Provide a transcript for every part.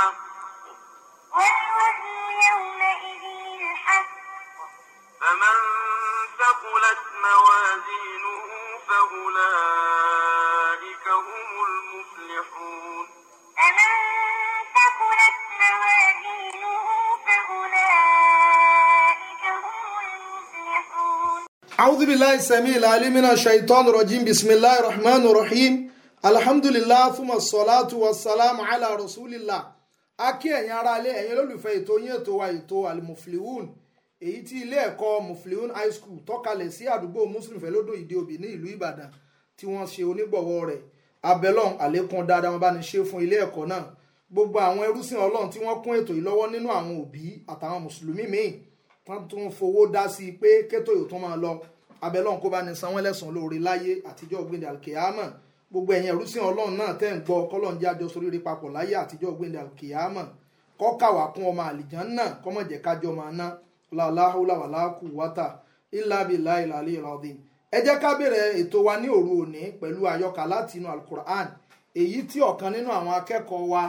الحق والوزن يومئذ الحق فمن ثقلت موازينه فأولئك هم المفلحون فمن ثقلت موازينه فأولئك هم المفلحون أعوذ بالله السميع العليم من الشيطان الرجيم بسم الله الرحمن الرحيم الحمد لله ثم الصلاة والسلام على رسول الله a kí ẹ̀yin aráalé ẹ̀yin olólùfẹ́ ètò yín ètò wa ètò almuflihun èyí tí ilé ẹ̀kọ́ muflihun high school tọ́kalẹ̀ sí àdúgbò muslim fẹ́lódò ìdí òbí ní ìlú ìbàdàn tí wọ́n ṣe onígbọ̀wọ́ rẹ̀ abẹ́lọ́n àlékún dáadáa wọn bá ní ṣe fún ilé ẹ̀kọ́ náà gbogbo àwọn ẹrúsìn ọlọ́run tí wọ́n kún ètò yìí lọ́wọ́ nínú àwọn òbí àtàwọn mùsùlùmí míì wọ́n gbogbo ẹ̀yin ẹrúsìn ọlọ́run náà tẹ́ ń gbọ́ kọ́lọ́n jẹ́ àjọ sórí rí papọ̀ láyé àtijọ́ gbẹ̀ndẹ̀ àlùkìyàmọ̀ kọ́kàwá kún ọmọ àlìjàn náà kọ́mọ̀jẹ̀ kájọ máa ná làláhùláwàláhù wátà ìlàbìlà ìlàlẹ́ ìlàdín ẹ jẹ́ ká bẹ̀rẹ̀ ètò wa ní òru òní pẹ̀lú láti inú alukur'an èyí tí ọ̀kan nínú àwọn akẹ́kọ̀ọ́ wa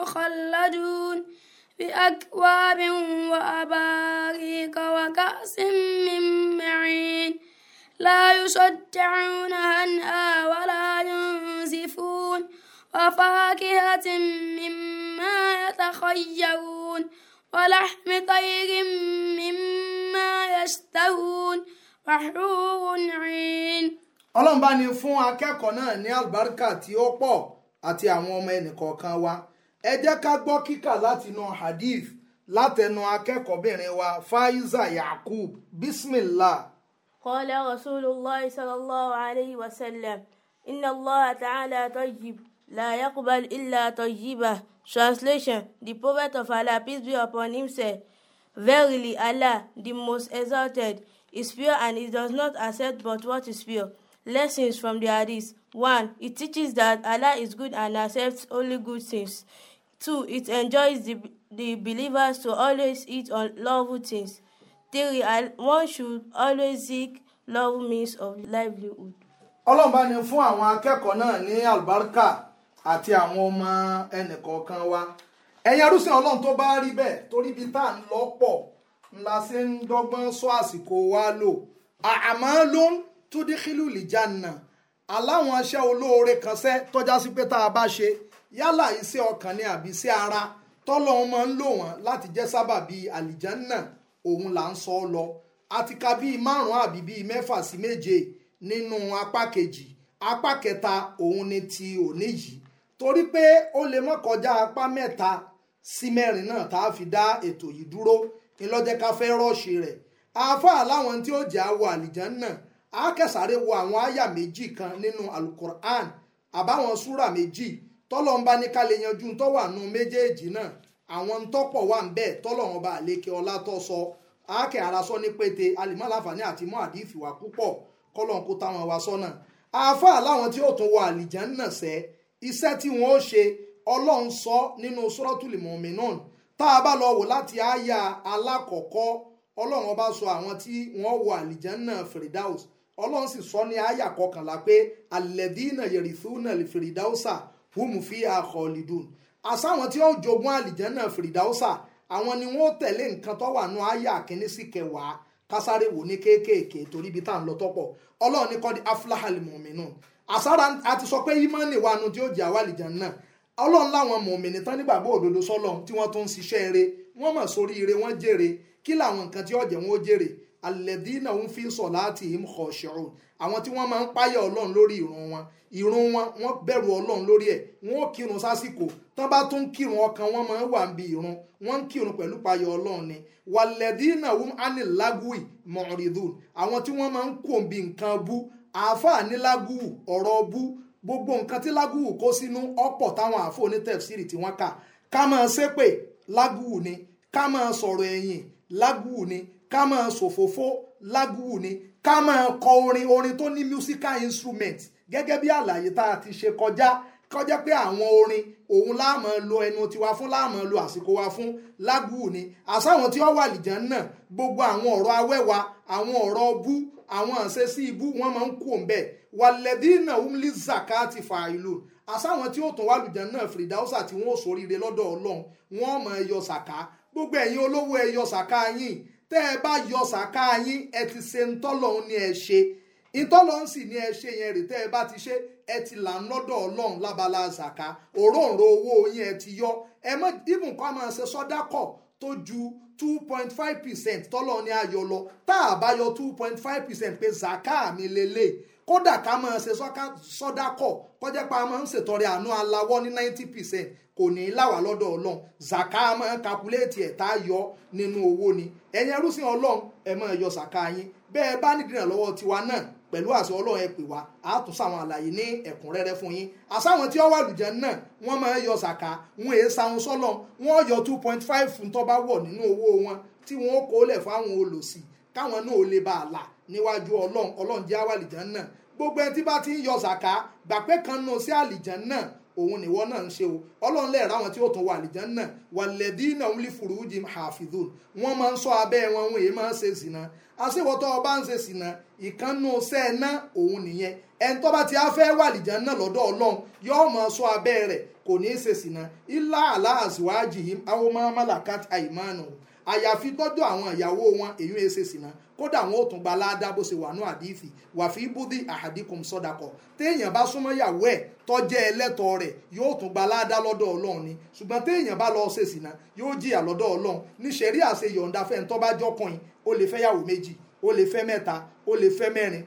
مخلدون بأكواب وأباريق وكأس من معين لا يصدعونها عنها ولا ينزفون وفاكهة مما يتخيرون ولحم طير مما يشتهون وحور عين ọlọ́run bá ní fún akẹ́kọ̀ọ́ náà ní àlùbáríkà tí ó pọ̀ àti àwọn ọmọ ẹnìkọ̀ọ̀kan wa ẹ jẹ́ ká gbọ́ kíkà látinú hadith látẹnu akẹ́kọ̀ọ́bìnrin wa faiza yakub bismillah. قال رسول الله صلى الله عليه وسلم إن الله تعالى طيب لا يقبل إلا طيبة Translation The Prophet of Allah, peace be upon him, said, Verily Allah, the most exalted, is pure and he does not accept but what is pure. Lessons from the Hadith 1. It teaches that Allah is good and accepts only good things. Two, it enjoys the, the believers to always eat on unlawful things. Three, one should always seek lawful means of livelihood. Ọlọ́run bá ní fún àwọn akẹ́kọ̀ọ́ náà ní àlùbáríkà àti àwọn ọmọ ẹnìkọ̀ọ̀kan wa. Ẹ̀yin arúsìn Ọlọ́run tó bá rí bẹ́ẹ̀ torí ibi tá à ń lọ́pọ̀ ńlá sí ń dọ́gbọ́n sọ àsìkò wa lò. Àmọ́ ló ń tó lìjà nà. Aláwọn aṣẹ́ olóore kan sẹ́ tọ́já sí pé tá a bá ṣe yálà iṣẹ́ ọkàn ni àbí iṣẹ́ ara tọ́lọ́hún máa ń lò wọ́n láti jẹ́ sábàbí àlìjánná òun là ń sọ ọ́ lọ àti ka bíi márùn-ún àbí bíi mẹ́fà sí méje nínú apá kejì apá kẹta òun ni ti òní yìí torí pé ó lè mọ́ kọjá apá mẹ́ta sí mẹ́rin náà tá a fi dá ètò yìí dúró ní lọ́jẹ́ ká fẹ́ rọ́ọ̀ṣì rẹ̀ àáfàá láwọn tí ó jẹ́ àwọ̀ àlìjánná á kẹsàárẹ̀ àwọn àyà méjì kan nínú alukur'an àbáwọn súrà méjì tọ́lọ́run bá ní ká lè yanjú tó wà nù méjèèjì náà àwọn ń tọ́pọ̀ wà ń bẹ́ẹ̀ tọ́lọ́run bá lékè ọlá tó sọ àákẹ́ ara sọ ní pété alimọ́láfààní àti mọ́ àdìfì wà púpọ̀ kọ́lọ́run kó táwọn wa sọ́nà àáfàá láwọn tí ó tún wọ àlìjá ń nà sẹ́ iṣẹ́ tí wọ́n ó ṣe ọlọ́run sọ nínú suratul mu'minun tá a bá lọ wò láti àyà alákọ̀ọ́kọ́ ọlọ́run ọba sọ àwọn tí wọ́n wọ àlìjá ń nà fèrèdáùs ọlọ́run sì sọ ní àyà kọkànlá pé alladhina yarithuna lil hum fi akhalidun àsáwọn tí wọ́n jogún àlìjẹ́nà fìrìdáùsà àwọn ni wọ́n tẹ̀lé nǹkan tó wà nù àyà kínní sí kẹwàá kásáré wò ní kéékèèké torí ibi tá à ń lọ tọ́pọ̀ ọlọ́run ní kọ́ di aflahal mu'minun àsára àti sọ pé ìmọ̀ọ́nì wa nu tí ó jẹ́ àwàlìjẹ́nà ọlọ́run láwọn mùmìnì tán nígbàgbọ́ òdodo sọ́lọ́run tí wọ́n tún ń ṣiṣẹ́ eré wọ́n mọ̀ sórí ire wọ́n jèrè kí làwọn nǹkan tí ó wọn ó jèrè alẹ́dínà ń fi sọ̀ láti ìmùkọ̀ ṣẹ̀rọ̀ àwọn tí wọ́n máa ń páyà ọlọ́run lórí ìrun wọn ìrun wọn wọ́n bẹ̀rù ọlọ́run lórí ẹ̀ wọ́n ò kírun sásìkò tán bá tún kírun ọkàn wọn máa ń wà ń bi ìrun wọ́n ń kírun pẹ̀lú páyà ọlọ́run ni wàlẹ́dínà ń ánìlágùwì mọ̀rìndùn àwọn tí wọ́n máa ń kò ń bi nǹkan bú àáfàá nílágùwù ọ̀rọ̀ bú gbogbo nǹkan tí lágùwù kó sínú ọ̀pọ̀ táwọn àáfàá onítẹ̀fsírì tí wọ́n kà ká máa ṣépè lágùwù ni ká máa sọ̀rọ̀ ẹ̀yìn lágùwù ni ká máa ṣòfófó lágùwù ni ká máa kọ orin orin tó ní musical instrument gẹ́gẹ́ bí àlàyé tá a ti ṣe kọjá kọjá pé àwọn orin òun láàmú lo ẹnu tiwa fún láàmú lo àsìkò wa fún lágùwù ni àsáwọn tí wọ́n wà lìjẹ́ náà gbogbo àwọn ọ̀rọ̀ awẹ́wa àwọn ọ̀rọ̀ bú àwọn àṣẹ sí ibú wọ́n máa ń kú òun wàlẹ́dínà umli zakati fàìlù àsáwọn tí ó tún wà lùjẹ́ náà fìdáùsà tí wọ́n ò sóríire lọ́dọ̀ ọlọ́run wọ́n máa yọ sàká gbogbo ẹ̀yin olówó ẹ sàká yín tẹ́ ẹ bá yọ sàká yín ẹ ti ṣe ntọ́lọ́hún ni ẹ ṣe ntọ́lọ́hún sì ni ẹ ṣe yẹn rè tẹ́ ẹ bá ti ṣe ẹ ti là ń lọ́dọ̀ ọlọ́run lábala sàká òróǹro owó yín ẹ ti yọ ẹ mọ ibùn kọ́ máa ṣe sọ́dá kọ̀ tó ju two point five percent tọ́lọ́hún ni a yọ lọ tá a bá yọ two point five percent pé sàká mi lélẹ̀ kódà ká máa ṣe sọ́dá kọ̀ kọjá pa máa ń ṣètọrẹ àánú aláwọ̀ ní ninety percent kò ní í láwà lọ́dọ̀ ọlọ́run zaka máa ń kakuléètì ẹ̀ tá a yọ nínú owó ni ẹ̀yin ẹrúsìn ọlọ́run ẹ̀ máa yọ zaka yín bẹ́ẹ̀ bá nídìí ìrànlọ́wọ́ tiwa náà pẹ̀lú àṣẹ ọlọ́run ẹ pè wá a tún sáwọn àlàyé ní ẹ̀kúnrẹ́rẹ́ fún yín àsáwọn tí ó wà lùjẹ́ náà wọ́n máa yọ zaka wọn èé sáwọn sọ́lọ̀ wọ́n yọ two point five fún tó bá wọ̀ nínú owó wọn tí wọ́n kó lẹ̀ fáwọn olòṣì káwọn náà ó lè bá a là níwájú ọlọ́run ọlọ́run jẹ́ àwàlìjẹ́ náà gbogbo ẹni tí bá ti ń yọ zàká gbàpẹ́ kan nù sí àlìjàn náà òun nìwọ náà ń ṣe o ọlọ́run lẹ́ẹ̀rọ àwọn tí ó tún wà àlìjàn náà waladina hum li furujim hafidhun wọ́n máa ń sọ abẹ́ wọn ma èyí máa ń ṣe ọba ń ṣe zìnà ìkànnù sẹ́ẹ̀ná òun nìyẹn ẹni tó bá ti á fẹ́ wà àlìjàn náà lọ́dọ̀ ọlọ́run yóò ma àyàfi tọ́jú àwọn ìyàwó wọn èyí ń ṣe kódà wọn ò tún gba aláàdá bó ṣe wà ní àdìsí wàfi búdí àhàdìkùn sọdàkọ téèyàn bá súnmọ́ yàwó ẹ̀ tọ́jẹ́ ẹlẹ́tọ̀ọ́ rẹ̀ yóò tún gba aláàdá lọ́dọ̀ ọlọ́run ni ṣùgbọ́n téèyàn bá lọ ṣèṣì náà yóò jìyà lọ́dọ̀ ní ṣẹ̀rí àṣẹ yọ̀ǹda bá jọkùnrin ó fẹ́ yàwó méjì ó lè fẹ́ mẹ́ta ó lè fẹ́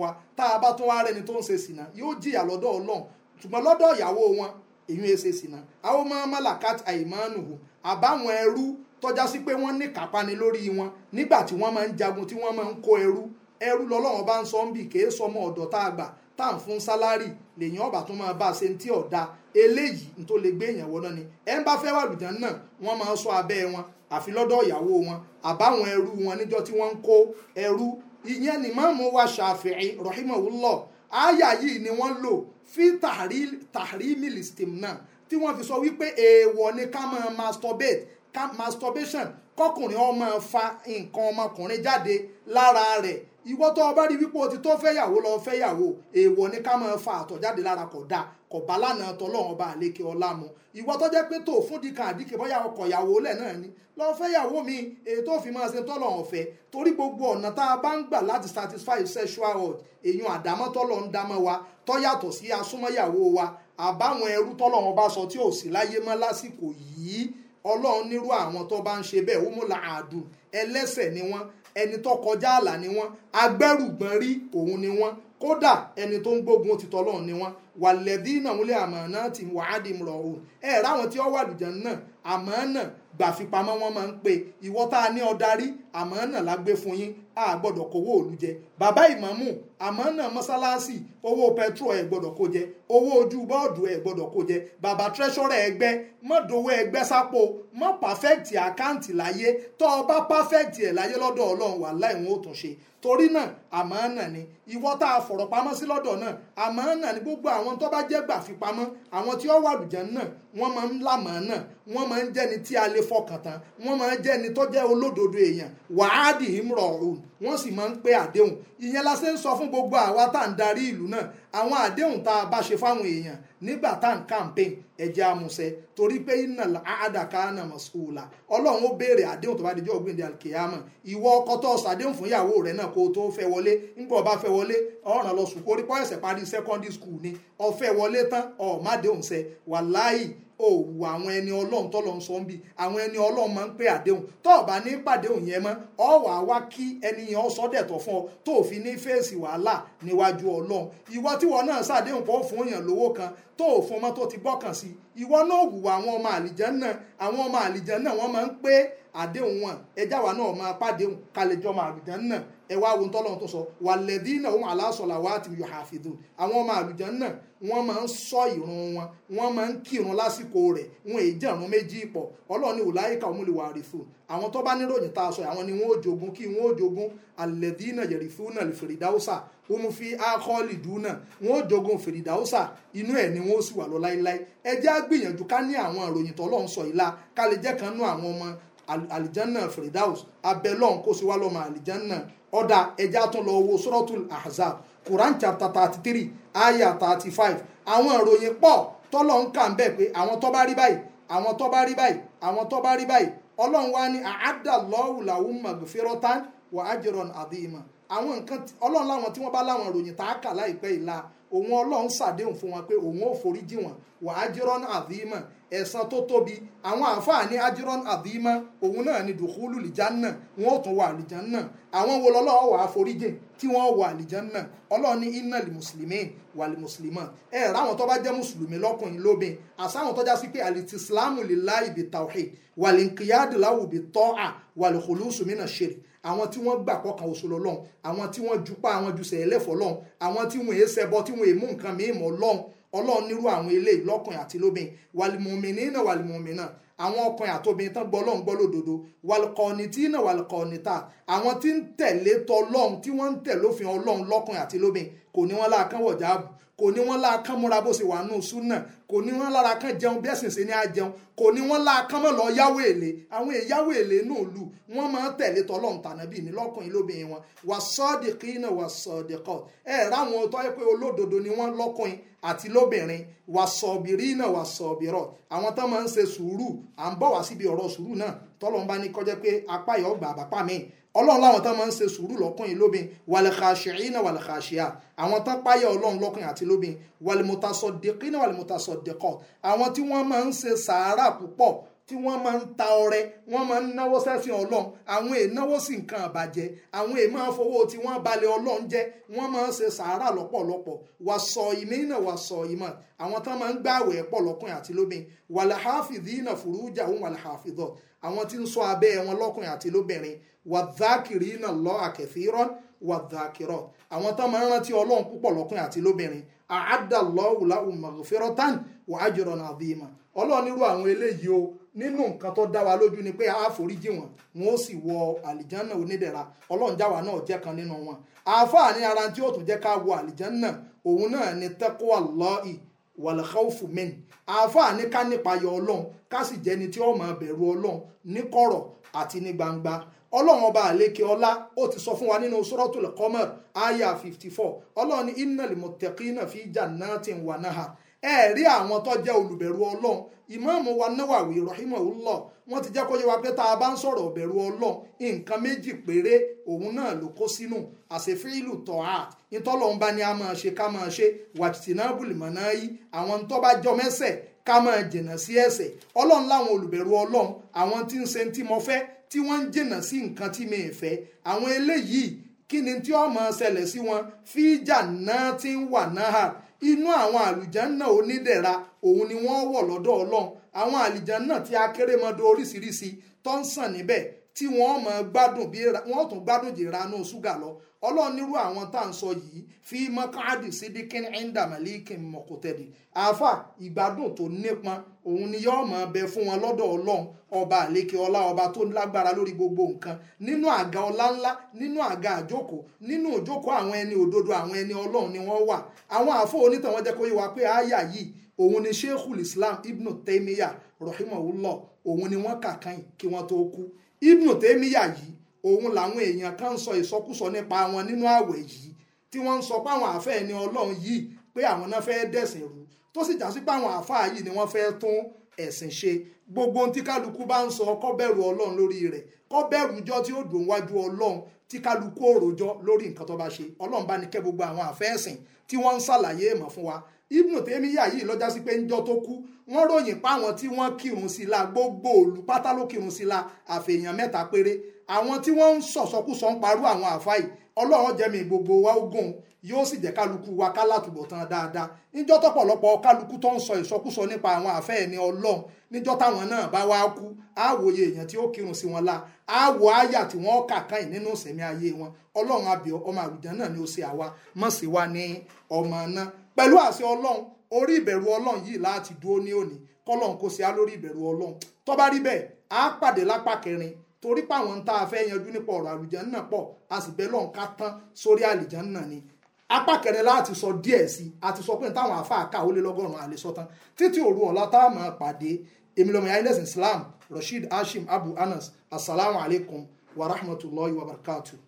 wa tá a bá tún yóò jìyà tọ́já sí pé wọ́n ní kápáni lórí wọn nígbà tí wọ́n máa ń jagun tí wọ́n máa ń kó ẹrú ẹrú lọ́lọ́wọ́n bá ń sọ ń bì kéé sọmọ ọ̀dọ̀ tá a gbà tá à ń fún sálárì lèyìn ọ̀bà tó máa bá a ṣe ń tí ọ̀dà eléyìí ní tó lè gbé èèyàn wọná ni ẹ ń bá fẹ́ wà lùdán náà wọ́n máa ń sọ abẹ́ wọn àfi lọ́dọ̀ ìyàwó wọn àbáwọn ẹrú wọn níjọ́ tí wọ́n ń kó ẹrú ìyẹn ni máàmù wa Ṣàfi'í rahimahullah àyà yìí ni wọ́n lò fi tàrí tàrí milistim náà tí wọ́n fi sọ wípé èèwọ̀ ni ká máa masturbate masturbation kọkùnrin ó máa fa nǹkan ọmọkùnrin jáde lára rẹ̀ ìwọ tó o bá rí wípé o ti tó fẹ́yàwó lọ fẹ́yàwó èèwọ̀ ni ká máa fa àtọ̀ jáde lára kò dáa kò bá lánàá tọlọ́run ọba àlékè ọlá mu ìwọ tó jẹ́ pé tó fún dìkan àdìkè bóyá ọkọ ìyàwó lẹ̀ náà ni lọ fẹ́yàwó mi èyí tó fi máa ṣe tọ́lọ́run ọ̀fẹ́ torí gbogbo ọ̀nà tá a bá ń gbà láti satisfy sexual urge èèyàn àdámọ́ tọ́lọ́run dámọ́ wa tó yàtọ̀ sí asúmọ́yàwó wa àbáwọn ẹrú tọ́lọ́run ọba sọ tí ò sí láyé mọ́ lásìkò yìí ọlọ́run nírú àwọn tó bá ń ṣe bẹ́ẹ̀ ó la àdùn ẹlẹ́sẹ̀ ni wọ́n ẹni tó kọjá àlà ni wọ́n agbẹ́rùgbọ́n rí òun ni wọ́n kódà ẹni tó ń gbógun ti tọ́lọ́run ni wọ́n wàlẹ́dí náà múlẹ̀ àmọ́ náà ti wà á di mùrọ̀ òun ẹ ráwọn tí ó wà lùjẹ́ náà àmọ́ náà gbàfipamọ́ wọn máa ń pe ìwọ a ní ọdarí àmọ́ náà lágbé fún yín a kówó òlu bàbá ìmámù àmọ́ náà mọ́sálásì owó pẹtrol ẹ̀ gbọ́dọ̀ kó jẹ owó ojú bọ́ọ̀dù ẹ̀ gbọ́dọ̀ kó jẹ bàbá treasurer ẹgbẹ́ mọ́ dowó ẹgbẹ́ sápò mọ́ perfect àkáǹtì láyé tọ́ ọ bá perfect ẹ̀ láyé lọ́dọ̀ ọlọ́run wà láì wọn ò tún ṣe torí náà àmọ́ náà ni ìwọ tá a fọ̀rọ̀ pamọ́ sí lọ́dọ̀ náà àmọ́ náà ni gbogbo àwọn tó bá jẹ́ gbà fi pamọ́ àwọn tí ó wà lùjẹ́ náà wọ́n máa ń lámọ̀ náà wọ́n sì máa ń pé àdéhùn ìyẹn la ṣe ń sọ fún gbogbo àwa tá à ń darí ìlú náà àwọn àdéhùn tá a bá ṣe fáwọn èèyàn nígbà tá à ń campaign ẹ̀jẹ̀ amúṣẹ torí pé iná àdàkà náà mọ̀sùlùmá ọlọ́run ó béèrè àdéhùn tó bá dijọ́ ọ̀gbìn alkiyama ìwọ ọkọ tó ṣàdéhùn fún ìyàwó rẹ náà kó o tó fẹ́ wọlé nígbà ọba fẹ́ wọlé ọ̀ràn lọ sùn kórí pọ́ ẹ̀sẹ̀ parí secondary school ni ó fẹ́ wọlé tán ọ̀ má déhùn ṣẹ wàláì òwò àwọn ẹni ọlọ́run tó lọ ń sọ ń bi àwọn ẹni ọlọ́run máa ń pé àdéhùn tó o bá ní pàdéhùn yẹn mọ́ ọ wà á wá kí ẹni yẹn ọ sọ dẹ̀tọ̀ fún ọ tó o fi ní fèsì wàhálà níwájú ọlọ́run ìwọ tíwọ náà ṣàdéhùn pọ̀ fún èèyàn lówó kan tó o fún ọmọ tó ti gbọ́kàn sí ìwọ náà hùwà àwọn ọmọ àlìjànnà àwọn ọmọ àlìjànnà wọ́n máa ń pé àdéhùn wọn ẹjáwa náà máa pàdéhùn kálẹ̀jọ́ ọmọ àlìjànnà ẹ wá wo tọ́lọ́run tó sọ wàlẹ́dínà òun aláṣọlá wa ti yọ àfidùn àwọn ọmọ àlùjàn náà wọ́n máa ń sọ ìrun wọn wọ́n máa ń kírun lásìkò rẹ̀ wọ́n èyí jẹ̀rún méjì pọ̀ ọlọ́ọ̀ni wùláyíkà òun lè wà àrífù àwọn tó bá níròyìn tá a sọ àwọn ni wọ́n ó jogún kí wọ́n ó jogún alẹ́dínà yẹ̀rìfù náà fèrèdáwùsà wọ́n fi ákọ́ọ̀lì dùn náà wọ́n ó jogún fèrèdáwùsà inú ẹ̀ ni wọ́n ó sì wà lọ láéláé ẹ jẹ́ á gbìyànjú ká ní àwọn ìròyìn tọ́lọ́run sọ ìlà ká lè jẹ́ kan nú àwọn ọmọ alìjánná fèrèdáwùs abẹ́lọ́ọ̀n kó sì wá lọ́mọ alìjánná ọ̀dà ẹja tó lọ wo suratul ahzab quran chapter thirty three ayah thirty five àwọn ìròyìn pọ̀ tọ́lọ̀ ń kà ń bẹ̀ pé àwọn tó bá rí báyìí àwọn tó bá rí báyìí àwọn tó bá rí báyìí ọlọ́run wá ní àádà lọ́wùlàwù màgbẹ́fẹ́rọ́tàn wà á jẹrọ̀ àdéhìmọ̀ àwọn nǹkan ọlọ́run láwọn tí wọ́n bá láwọn ròyìn tá a kà láìpẹ́ ìlà òun ọlọ́run ṣàdéhùn fún wọn pé òun ò foríjì wọn wà ájírọ́n àdìmọ̀ ẹ̀san tó tóbi àwọn àǹfààní ájírọ́n àdìmọ̀ òun náà ni dùkúlù lìjánà wọn ò tún wà àlìjánà àwọn wo lọ́lọ́run wà á foríjì tí wọ́n wà àlìjánà ọlọ́run ní iná lè mùsùlùmí wà lè mùsùlùmọ̀ ẹ ráwọn tó bá jẹ́ mùsùlùmí lọ́kùnrin lóbìn àsáwọn tó sí pé àlìtì islámù lè láì bìtàwé wà lè nkìyàdìláwù bìtọ́ wà lè kòlùsùmí àwọn tí wọ́n gbà kọkàn oṣù lọ́lọ́run àwọn tí wọ́n jupá àwọn jùsẹ̀ ẹlẹ́fọ̀ lọ́run àwọn tí wọ́n èsẹ̀bọ tí wọ́n èmú nǹkan mìíràn mọ́ lọ́run ọlọ́run nírú àwọn eléyìí lọ́kùnrin àti lóbìn wàlìmùmìnì náà wàlìmùmìnì náà àwọn ọkùnrin àtòbìnrin tán gbọ́ ọlọ́run gbọ́ lódodo wàlùkọ́ni tí náà wàlùkọ́ni ta àwọn tí ń tẹ̀lé tọlọ́run tí wọ́n ń tẹ̀ lófin ọlọ́run lọ́kùnrin àti lóbìn kò ní wọ́n láàkánwọ̀jà ààbò kò ní wọ́n lára kán múra bó ṣe wà nù súnà kò ní wọ́n lára kán jẹun bí ẹ̀sìn ṣe ní àjẹun kò ní wọ́n lára kán mọ̀ lọ yáwó èlé àwọn èyáwó èlé náà lù wọ́n máa ń tẹ̀lé tọ́lọ́run tànàbí ní lọ́kùnrin lóbìnrin wọn wà sọ́ọ̀dì kìínà wà sọ́ọ̀dì kọ́ ẹ ráwọn tó yẹ pé olódodo ni wọ́n lọ́kùnrin àti lóbìnrin wà sọ̀bìrì náà wà sọ̀bìrọ̀ àwọn tó máa ń ṣe sùúrù à ń bọ̀ wá síbi ọ̀rọ̀ sùúrù náà tọ́lọ́run bá ọlọ́run láwọn tán máa ń ṣe sùúrù lọ́kùnrin lóbìn wàlẹ̀kàṣìínà wàlẹ̀kàṣìá àwọn tán páyà ọlọ́run lọ́kùnrin àti lóbìn wàlẹ̀mọ̀tàsọ̀dẹ̀kínà wàlẹ̀mọ̀tàsọ̀dẹ̀kọ̀ àwọn tí wọ́n máa ń ṣe sàárà púpọ̀ tí wọ́n máa ń ta ọrẹ wọ́n máa ń náwó sẹ́sìn ọlọ́run àwọn èènáwó sì nǹkan àbàjẹ́ àwọn èèmọ̀ fowó tí wọ́n balẹ̀ ọlọ́run jẹ́ wọ́n máa ń ṣe sàárà lọ́pọ̀lọpọ̀ wà sọ ìmí náà wà sọ ìmọ̀ àwọn tán máa ń gbààwẹ̀ pọ̀ lọ́kùnrin àti lóbìn wàlàhàfìdì náà fùrújà òun wàlàhàfìdọ̀ àwọn tí ń ṣọ́ abẹ́ wọn lọ́kùnrin àti lóbìnrin wàdákìrì iná lọ àkẹfìrán wàdákìrọ àwọn tó máa ń rántí ọlọ́run púpọ̀ lọ́kùnrin àti lóbìnrin àádàlọ́wùlà umarufẹ́rọ́tàn wàájọrọ̀ nàdìmọ̀ ọlọ́run irú àwọn eléyìí o nínú nǹkan tó dá wa lójú ni pé àforíjì wọn wọn ó sì wọ àlìjánná onídẹ̀ra ọlọ́run jáwa náà jẹ́ kan nínú wọn àáfàá ní ara tí ó tún jẹ́ ká wọ àlìjánná òun náà ni taqwa Allahi wàlẹ́kọ̀ọ́fù mẹ́ni àáfàá ní ká nípa yọ ọlọ́run ká sì jẹni tí ó máa bẹ̀rù ọlọ́run ní kọ̀rọ̀ àti ní gbangba ọlọ́run ọba àlékè ọlá ó ti sọ fún wa nínú suratul Qamar aya fifty four ọlọ́run innal muttaqina fi jannatin wa nahar ẹ rí àwọn tó jẹ́ olùbẹ̀rù ọlọ́run ìmáàmù wa Nawawi rahimahullah wọ́n ti jẹ́ kó yẹ wa pé tá a bá ń sọ̀rọ̀ ọ̀bẹ̀rù ọlọ́run nǹkan méjì péré òun náà ló kó sínú àṣefíìlù tọ́hát ìtọ́lọ́run bá ní a máa ṣe ká máa ṣe wàtìtìnábùlì mọ̀nà yìí àwọn tó bá jọ mẹ́sẹ̀ ká máa jìnà sí ẹ̀ṣẹ̀ ọlọ́run láwọn olùbẹ̀rù ọlọ́run àwọn tí inú àwọn àlùjànnà onídẹ̀ra òun ni wọ́n wọ̀ lọ́dọ̀ ọlọ́run àwọn àlùjànnà tí akérèmọdò oríṣiríṣi tó ń sàn níbẹ̀ tí wọ́n mọ̀ gbádùn bí wọ́n tún gbádùn jìranú ṣúgà lọ ọlọ́run nírú àwọn tá à ń sọ yìí fi mọ́káàdì sídìkín ẹ̀ńdàmàlíkìn mọ̀kòtẹ́dì àáfà ìgbádùn tó nípọn òun ni yóò mọ̀ bẹ fún wọn lọ́dọ̀ ọlọ́run ọba àlékè ọlá ọba tó lágbára lórí gbogbo nǹkan nínú àga ọlá ńlá nínú àga àjókòó nínú òjókòó àwọn ẹni òdodo àwọn ẹni ọlọ́run ni wọ́n wà àwọn àfọ onítàn wọn jẹ́ kó yé wa pé àáyà yìí òun ni sheikhul islam ibn taymiya rahimahullah òun ni wọ́n kà kan kí wọ́n tó kú Ibn Tèmíyà yìí òun làwọn èèyàn kan ń sọ ìsọkúsọ nípa wọn nínú ààwẹ̀ yìí tí wọ́n ń sọ pé àwọn ọlọ́run yìí pé àwọn náà fẹ́ dẹ̀sìn rú tó sì já sí pé àfáà yìí ni wọ́n fẹ́ tún ẹ̀sìn ṣe gbogbo ohun tí kálukú bá ń sọ kó bẹ̀rù ọlọ́run lórí rẹ̀ kó bẹ̀rù jọ tí ó dùn wájú ọlọ́run tí kálukú òròjọ lórí nǹkan tó bá ṣe ọlọ́run bá ní kẹ́ gbogbo àwọn àfẹ́ tí wọ́n ń ṣàlàyé ìmọ̀ fún wa ibnu tèmíyà yìí lọ́jà sí pé ńjọ́ tó kú wọ́n ròyìn páwọn tí wọ́n kírun sí la gbogbo òlu pátá ló kírun sí la àfẹ̀yàn mẹ́ta péré àwọn tí wọ́n ń sọ̀sọ́kùsọ ń parú àwọn àfáì ọlọ́run jẹ́mi gbogbo wa ogun yóò sì jẹ́ kálukú wa kálàtúbọ̀ tán dáadáa ńjọ́ tọ́pọ̀lọpọ̀ kálukú tó ń sọ ìsọkúsọ nípa àwọn àfẹ́ ẹni ọlọ́run níjọ́ táwọn náà bá wá kú á wòye èèyàn tí ó kírun sí wọn la á wò áyà tí wọ́n kà káyìn nínú ìsẹ̀mí ayé wọn ọlọ́run abiyọ ọmọ àlùjẹ́ náà ni ó ṣe àwa mọ̀ sí wa ní ọmọ náà pẹ̀lú àṣẹ ọlọ́run orí ìbẹ̀rù ọlọ́run yìí láti dúró ní òní kọ́lọ́run kò sí á lórí ìbẹ̀rù ọlọ́run tó bá rí bẹ́ẹ̀ á pàdé lápá kẹrin torí páwọn tá a fẹ́ yanjú nípa ọ̀rọ̀ àlùjẹ́ náà pọ̀ a sì bẹ́ lọ́run ká tán sórí àlùjẹ́ náà ni apá kẹrin láti sọ díẹ̀ sí àti sọ pé táwọn àáfàá ká ó lé lọ́gọ́rùn-ún àlè sọ́tán títí òru ọ̀la tá máa pàdé èmi lọ́mọ ya ilẹ̀sìn Islam Rasheed Hashim Abu Anas assalamu alaikum wa rahmatulahi wa barakatuh.